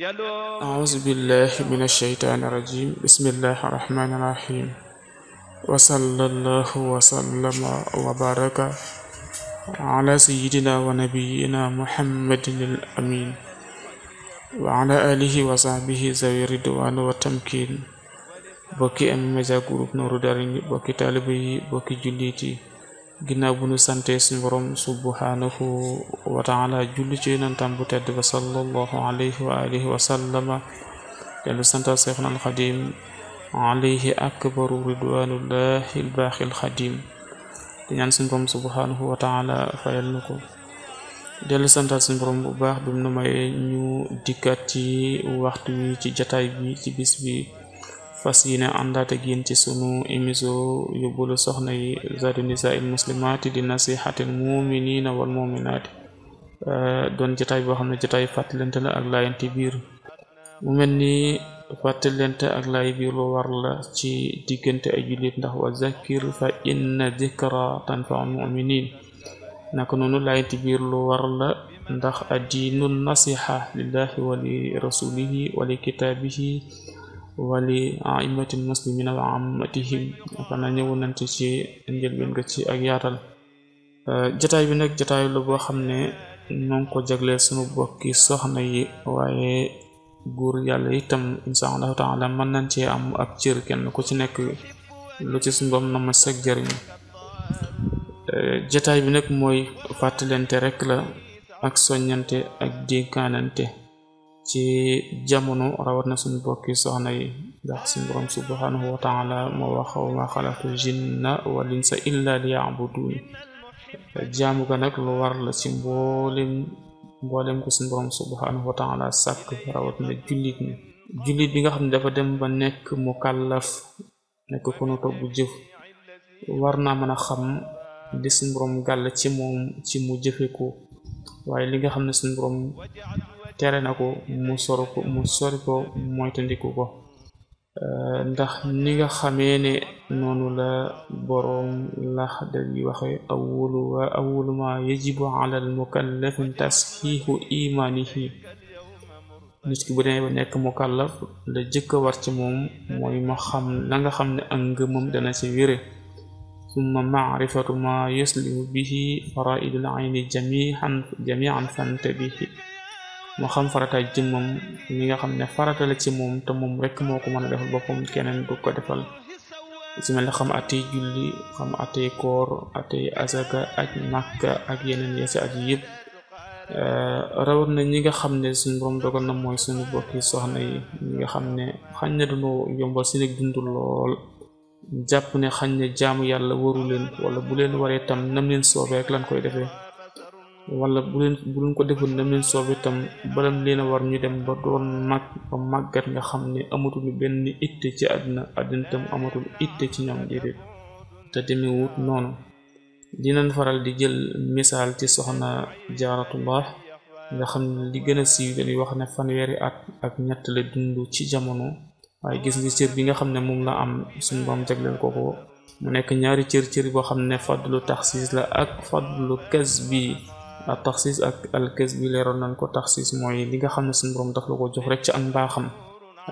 auzu billahi min asheytaani rajim bismillahi rahmaani rahim wa sallallahu wa sallama wa baraka ala sayidina wa nabiyina muhammadin al amin wa ala alihi wa sahbihi zawi ridwan wa tamkin bokki M Media Group Nourou Darayni bokki taalibe yi bokki jullit yi ginnaaw bu nu sante suñu borom subhanahu wa taala julli ci yonentam bu tedd ba sallallahu alayhi wa alihi wa sallama dellu santal seexna alxadim alayhi akbaru ridwanullahi albaaxi alxadim di ñaan suñu borom subhanahu wa taala ko dellu santal suñu borom bu baax bi mu nu may ñu dikkaat ci waxtu wi ci jataay bi ci bis fas yi ne àndaat ci sunu émission yóbbalu soxna yi zaadu nisaa il muslimaati di nasihatil muminina wal muminaati euh, doon jotaay boo xam ne jotaay fàttalente la ak laayante biir mu mel ni fàttalente ak laay biir lu war la ci diggante ay jullit ndax wa zakir fa inna zikra tanfaul muminin naka noonu laayante biir lu war la ndax addiinu nasiha lillahi wa li rasulihi kitaabihi wali aimatil muslimina wa ammatihim xana ñëwoon nañ ci ci njëlbeen ga ci ak yaatal euh, jataay bi nag jataay la boo xam ne ñoo ngi ko jagleel sunu bokki soxna yi waaye góor yàlla itam insha allahu taala mën nañ cee am ak cër kenn ku ci nekk lu ci suñu na ma sag jëriñ euh, jataay bi nag mooy fàttalente rek la ak soññante ak dénkaanante ci jamono rawat na suñu bokki soxna yi ndax suñu borom subhanahu wa taala moo wax wa ma xalaqtu jinna wal insa illa liya'budun jaamu ga nag lu war la ci mboolem mboolem ko suñu borom subhanahu wa taala sàkk rawat na jullit ñi jullit bi nga xam ne dafa dem ba nekk mu kàllaf nekk ku nu togg jëf war naa mën a xam di suñu borom ci moom ci mu jëfe ko waaye li nga xam ne suñu tere na ko mu sor ko mu sori ko moytandiku ko euh, ndax ni nga xamee ne noonu la boroom laxdar yi waxe awwalu wa awwalu ma yajibu ala al mukallaf tasxiixu imaanihi nit ki bu demee ba nekk mukallaf la jëkk a war ci moom mooy ma xam la nga xam ne ak ngëmam dana ci wére summa maarifatu ma yuslimu mu xam farataay jëmmam mi nga xam ne farata la ci moom te moom rek moo ko mën a defal boppam keneen du ko defal ci mel ne xam atey julli xam atey koor atey asaka ak màkka ak yeneen yasi ak yëpp eh, rawat na ñi nga xam ne suñu borom dogal na mooy suñu bokki soxna yi ñi xam ne xañ na dañoo yombal seen ak dund lool jàpp ne xañ ne jaamu yàlla waru leen wala bu leen waree tam nam leen soobe ak lan koy defee wala bu leen bu leen ko defoon na leen soob itam balam leen a war ñu dem ba doon mag ba màggat nga xam ne amatuñu benn itte ci àddina àddina tam amatul itte ci ñoom déedéet te demewut noonu dinañ faral di jël misaal ci soxna jaaratullah nga xam ne li gën a siiw dañuy wax ne fanweeri at ak ñett la dund ci jamono waaye gis nga cër bi nga xam ne moom la am suñu boom jagleel ko ko mu nekk ñaari cër cër boo xam ne fadlu taxsiis la ak fadlu kas bi taxsiis ak alkes bi leeroon nañ ko taxsiis mooy li nga xam ne suñu borom daf la ko jox rek ci ak mbaaxam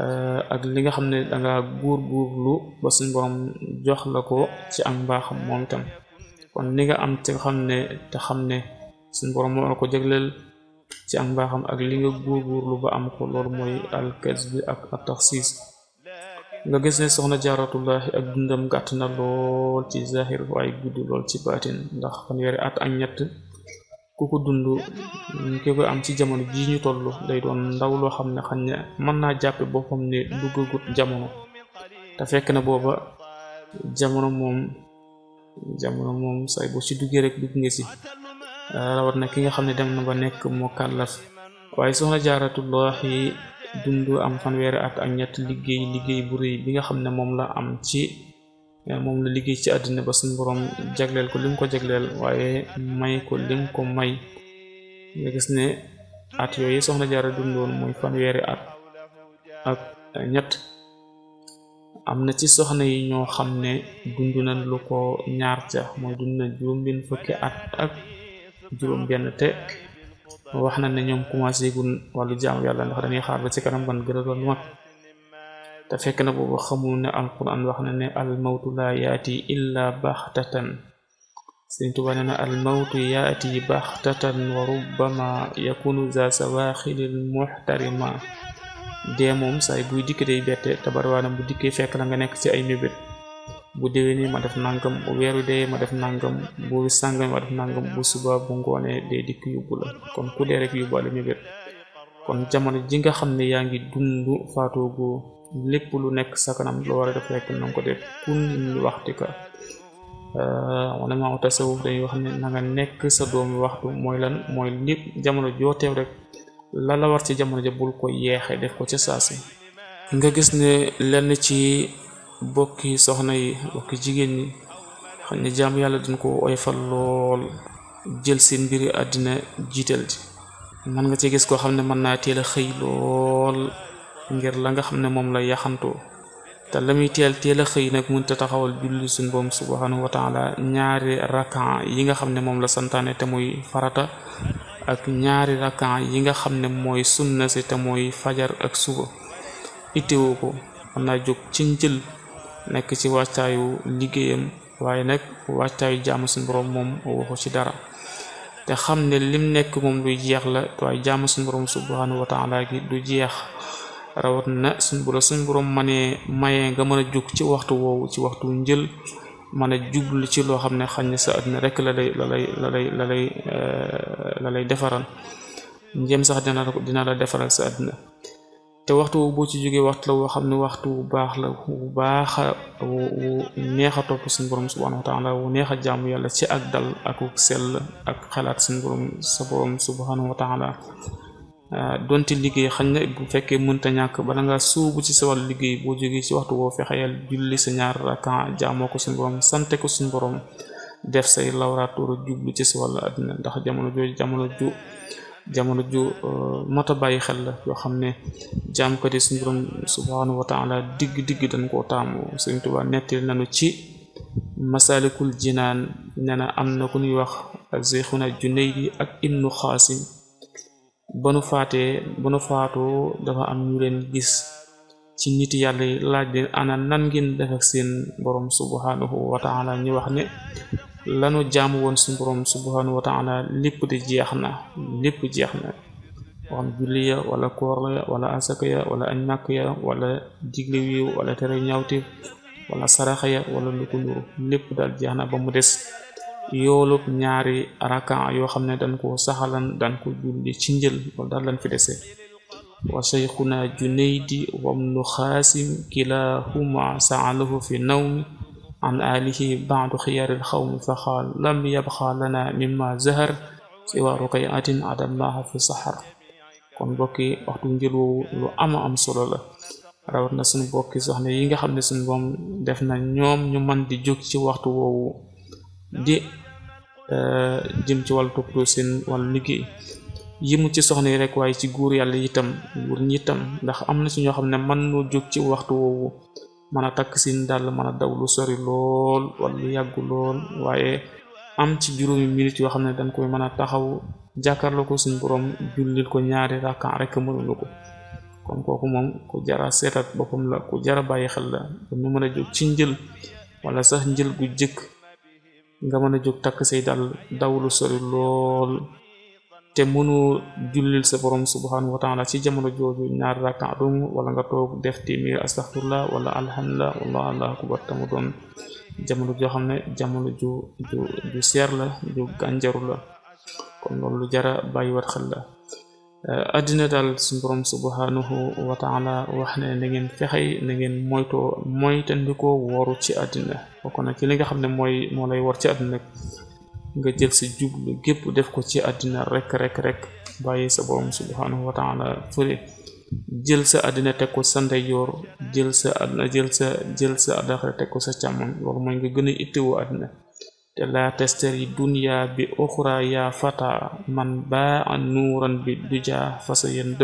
eh, ak li nga xam ne danga góor góorlu ba suñu jox la ko ci ak mbaaxam moom tam kon li nga am te xam ne te xam ne suñu borom moo la ko jagleel ci ak mbaaxam ak li nga góor góorlu ba am ko lool moy alkes bi ak ak nga gis ne soxna jaaratullahi ak dundam gàtt na lool ci zahir waaye gudd lool ci baatin ndax fanweeri at ak ñett ku ko dund mm, ki koy am ci jamono ji ñu toll day doon ndaw loo xam ne xañ na mën naa jàppe boppam ne duggagut jamono te fekk na booba jamono moom jamono moom say boo ci duggee rek dugg nga si rawat na ki nga xam ne dem na ba nekk moo kàllaf waaye soxna jaaratullahi dund am fanweeri at ak ñett liggéey liggéey bu bi nga xam ne moom la am ci moom la liggéey ci àddina ba suñ borom jagleel ko lim ko jagleel waaye may ko lim ko may nga gis ne at yooyu soxna jaara dundoon mooy fanweeri at ak ñett am na ci soxna yi ñoo xam ne dund nañ lu ko ñaar ca mooy dund na juróom benn fukki at ak juróom benn te wax na ne ñoom commencé gun wàllu jaamu yàlla ndax dañuy xaar ba ci kanam ban gën a te fekk na boobu xamul ne alquran wax na ne almawtu laa yaati illa baxtatan Sëriñ Tuubaa nee na almawtu yaati baxtatan wa rubbama yakunu za sawaxilil muxtarima de moom saay buy dikk day bette tabarwaana bu dikkee fekk la nga nekk si ay mébét bu déwénee ma def nangam bu weeru dee ma def nangam bu sàngam nangam bu suba bu ngoonee day dikk yóbbu kon ku dee rek yóbbaale mébét kon jamono ji xam ne yaa ngi dund lépp lu nekk sa kanam lu war def rek na nga ko def kun waxti ka euh, wala maa tasawuf dañuy wax ne na nekk sa doomi waxtu mooy lan mooy jamono joo teew rek la la war ci jamono ja bul ko yeexe def ko ca saasi nga gis ne lenn ci bokki soxna yi bokki jigéen ñi xam ne jaam yàlla dañ ko oyfal lool jël seen mbiri àddina jiital ji mën nga ci gis koo xam ne mën naa teel a xëy lool ngir la nga xam ne moom la yaxanto te la muy teel a xëy nag te taxawal julli suñ boom subhanahu wa taala ñaari rakan yi nga xam ne moom la santaane te farata ak ñaari rakan yi nga xam ne mooy na si te mooy fajar ak suba ittewu ko naa jog ci njël nekk ci wàccaayu liggéeyam waaye nag wàccaayu jaamu suñ borom moom waxu ci dara te xam ne lim nekk moom du jeex la waaye jaamu suñ borom subhanahu wa taala gi du jeex rawat na suñ suñ boroom manee mayee nga mën a jóg ci waxtu woowu ci waxtu njël mën a jublu ci loo xam ne xañ na sa àddina rek la lay eh, la lay defaral njëm sax dina la dina la defaral sa àddina te waxtu woowu boo ci jógee waxtu la woo xam ne waxtu wu baax la wu baax a wu neex topp suñ boroom subhanahu wa taala wu neex a jaamu yàlla ci ak dal ak sell ak xalaat suñ boroom sa Euh, donte liggéey xañ na bu fekkee mënta ñàkk bala nga suubu ci sa liggéey boo jógee ci waxtu woo fexeyal julli sa ñaar rakan jaamoo ko suñu borom sante ko suñu borom def say lawraatoor jublu ci sa wàllu ndax jamono jooju jamono ju jamono ju euh, mot a bàyyi xel la yoo xam ne jaamkat yi suñu borom subhanahu wa taala digg digg dañ koo taamu Sëriñ Tuubaa nettali nañu ci masalikul jinaan nee na am na ku ñuy wax Zeyxuna Junaydi ak ibnu Xaasim ba nu faatee ba nu dafa am ñu gis ci nit yàlla laaj leen ana nan ngeen def ak seen borom subhanahu wa taala ñu wax ne lanu jaamu woon suñ borom subhanahu wa taala lépp di jeex na lépp jeex na waxam julli ya wala koor ya wala asaka wala añ nàkk ya wala digle wiiw wala tere ñaawti wala saraxa wala lu ko daal jeex na ba mu des yoolub ñaari rakan yoo xam ne dañ ko saxalan dañ ko julli ci njël wala daal lañ fi dese wa cheikhuna junaydi wabnu xaasim kilahuma saalahu fi nawmi an alihi baadu xaw xawmi fa xaal lam yabxa lana mimma zahar siwa ruqyatin adamnaha fi saxar kon bokki waxtu njël woowu lu ama am solo la rawat na suñu bokki soxna yi nga xam ne suñu boom def na ñoom ñu di jóg ci waxtu woowu di Euh, jëm ci wàllu toppatoo seen wàllu liggéey yëmu ci soxna yi rek waaye ci góor yàlla yitam góor ñi ndax am na ci ñoo xam ne mën noo jog ci waxtu woowu mën a takk seen dàll mën a daw lu sori lool wala lu lool waaye am ci juróomi minutes yoo xam ne dañ koy mën a taxaw jàkkaarloo ko suñ borom jullil ko ñaari rakkan rek mënuñu ko kon kooku moom ku jara seetaat boppam la ku jara bàyyi xel la dañu mën a ci njël wala sax njël gu jëkk nga mën a jóg takk say dal dawlu sori lool te mënu jullil sa borom subhanahu wa ci jamono jooju ñaari rakka dong wala nga toog def téeméer la wala alhamdulillah wala allahu akbar tamu doon jamono joo xam ne jamono ju ju seer la ju gànjaru la kon loolu lu jara bàyyi wat xel la àddina daal suñu borom subhanahu wa taala wax ne na ngeen fexey na ngeen moytoo moytandikoo woru ci àddina bokk na ci li nga xam ne mooy moo lay war ci àddina rek nga jël sa jublu gépp def ko ci àddina rek rek rek bàyyi sa borom subhanahu wa taala fële jël sa àddina teg ko sa ndeyjoor jël sa àddina jël sa jël sa àddina teg ko sa càmmoñ loolu mooy nga gën a ittewoo àddina te laa tastari dunya bi uxra yaa fata man baa an nuuran bi duja fasa yan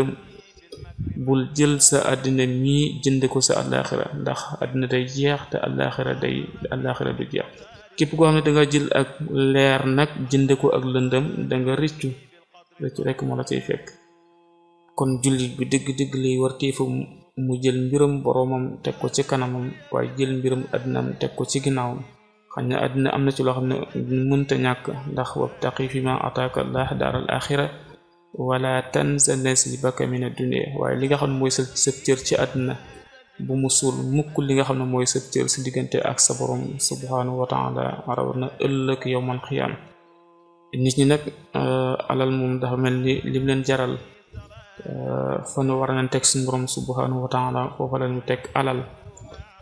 bul jël sa àddina mi jënd ko sa àllaaxira ndax àddina day jeex te àllaaxira day àllaaxira du jeex képp koo xam ne danga jël ak leer nag jënd ko ak lëndëm danga rëccu rëccu rekk moo kon jullit bi mu jël mbiram boroomam teg ko ci kanamam waaye jël mbiram àddinam teg ko ci ginnaawam xañ na àddina am na ci loo xam ne mënta ñàkk ndax wabtaqi fi ma ataaka allah daar al axira wala tansa nasibaka min ad-dunya waaye li nga xam ne mooy sa sa ci àddina bu mu suul mukk li nga xam ne mooy sa si diggante ak sa borom subhanahu wa taala rawat na ëllëg yowmal xiyaam nit ñi nag euh, alal moom dafa mel ni lim leen jaral euh, fa nu war nañ teg suñu borom subhanahu wa taala foofa teg alal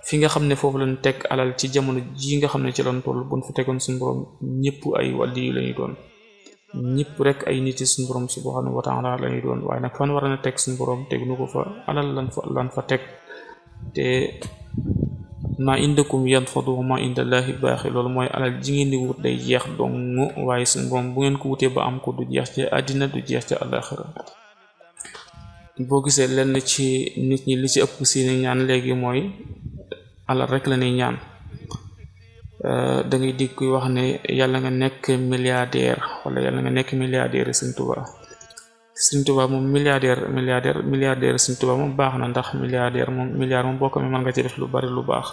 fi nga xam ne foofu lañ teg alal ci jamono ji nga xam ne ci lañ toll buñ fa tegoon suñu borom ñëpp ay wàlli yu la ñuy doon ñëpp rek ay nit yi suñu borom subhanahu wa taala la ñuy doon waaye nag fan war na teg suñu borom teg nu ko fa alal lan fa lan fa teg te ma indakum yanfadu wa ma indallahi baaxi loolu mooy alal ji ngeen di wut day jeex dong waaye suñu borom bu ngeen ko wutee ba am ko du jeex ca àddina du jeex ca àllaaxira boo gisee lenn ci nit ñi li ci ëpp seeni ñaan léegi mooy alal rek la ñuy ñaan eh, da ngay dégg kuy wax ne yàlla nga nekk milliardaire wala yàlla nga nekk milliardaire Sëñ Tuubaa Sëñ Tuubaa moom milliardaire milliardaire milliardaire Sëñ moom baax na ndax milliardaire moom milliard moom boo ko mën nga ci lu bari lu baax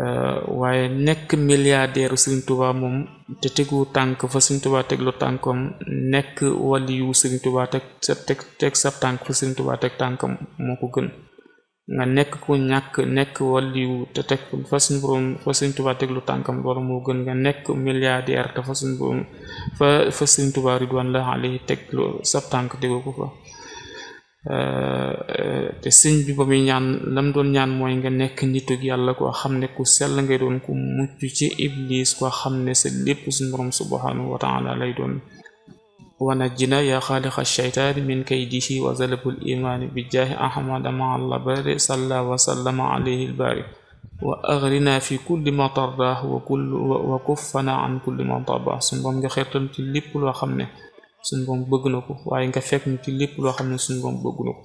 eh, waaye nekk milliardaire Sëñ Tuubaa moom te tegu tànk fa Sëñ Tuubaa teg lu tànkam nekk waliyu Sëñ Tuubaa teg sa tànk fa Sëñ Tuubaa teg tànkam moo ko gën nga nekk ku ñàkk nekk wàlliwu te teg fa suñ boroom fa suñ tubaa teg lu tànkam loolu moo gën nga nekk milliardaire te fa suñ boroom fa fa tubaar yi ridwan la alayhi teg lu sab tànk tegu ko fa euh, euh, te sëñ bi ba ñaan lam doon ñaan mooy nga nekk nitug yàlla koo xam ne ku sell ngay doon ku mucc ci iblis koo xam ne sa lépp suñ boroom subhanahu wa taala lay doon ونجنا يا خالق الشيطان من كيده وزلب الإيمان بجاه أحمد مع الباري صلى وسلم عليه الباري وأغرنا في كل ما طراه وكل وكفنا عن كل ما طاباه suñ boom nga xeertam ci lépp loo xam ne suñ boom bëgg na ko waaye nga fekk ñu ci lépp loo xam ne suñ boom bëgg na ko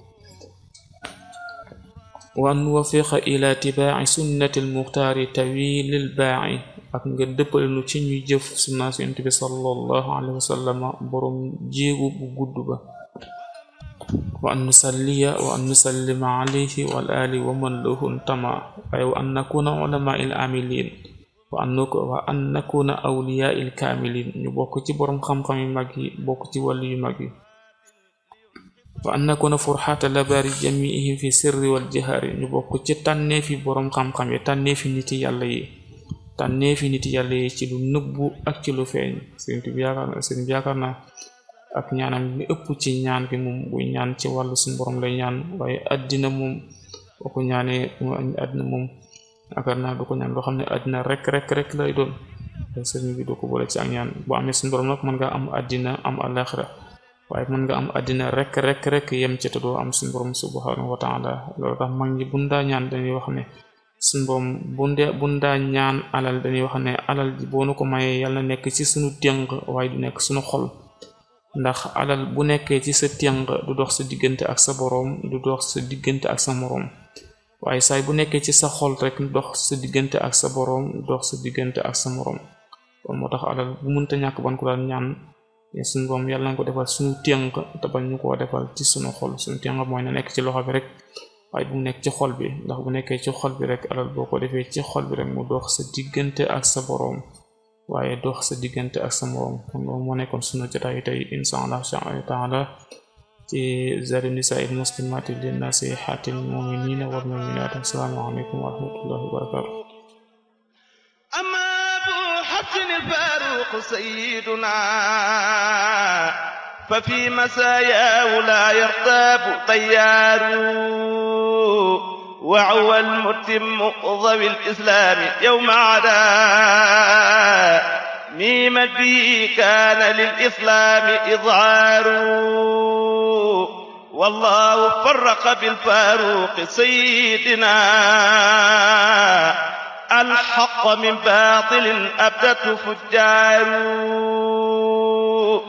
وأن نوفق إلى اتباع سنة المختار طويل الباع ak nga dëppale nu ci ñuy jëf sunna su yonent bi sallallahu alayhi wa sallam borom jéegu bu gudd ba wa an nusalliya wa an nusallima alayhi wa al wa man lahu ntama waaye wa an nakuna ulama il ñu bokk ci borom xam-xam yu mag yi bokk ci wàllu yu mag yi wa an nakuna furxaata labaari jamiihim fi sirri wal jahari ñu bokk ci tànnee borom xam-xam yi tànnee nit yi yi tànneefi nit yàlla yi ci lu nëbbu ak ci lu feeñ sëriñ bi yaakaar na sëriñ bi yaakaar na ak ñaanam li ëpp ci ñaan bi moom buy ñaan ci wàllu suñu borom lay ñaan waaye addina moom boo ko ñaanee mu addina moom yaakaar naa du ko ñaan loo xam ne addina rek rek rek lay doon sëriñ bi du ko boole ci ak ñaan bu amee suñu borom nag mën nga am addina am alaxira waaye mën nga am addina rek rek rek yem ci te doo am suñu borom subhanahu wa taala loolu tax mag ñi ñaan dañuy wax ne suñ boom bunde bundaa ñaan alal dañuy wax ne alal ji boonu ko mayee yàlla nekk ci suñu ténq waaye du nekk suñu xol ndax alal bu nekkee ci sa ténq du dox sa diggante ak sa boroom du dox sa diggante ak sa moroom waaye saay bu nekkee ci sa xol rek dox sa diggante ak sa boroom dox sa diggante ak sa moroom kon moo tax alal bu mënta ñàkk ban ko daal ñaan suñ boom yàlla na ko defal suñu ténq te bañ ñu ko defal ci suñu xol suñu ténq mooy na nekk ci loxo bi rek waaye bu mu nekk ci xol bi ndax bu nekkee ci xol bi rek alal boo ko defee ci xol bi rek mu dox sa diggante ak sa boroom waaye dox sa diggante ak sa moroom kon loolu moo nekkoon sunu jotaayu tey insha allah taala ci zari nisaa il muslimaati lin nasihaatil muminina wal muminaat assalaamu aleykum wa rahmatullahi wa barakatuh أما أبو حفص الفاروق سيدنا ففي مساياه لا يرتاب طيار وعوى المتم ضوي الإسلام يوم عدا ميم به كان للإسلام إظهار والله فرق بالفاروق سيدنا الحق من باطل أبدت فجار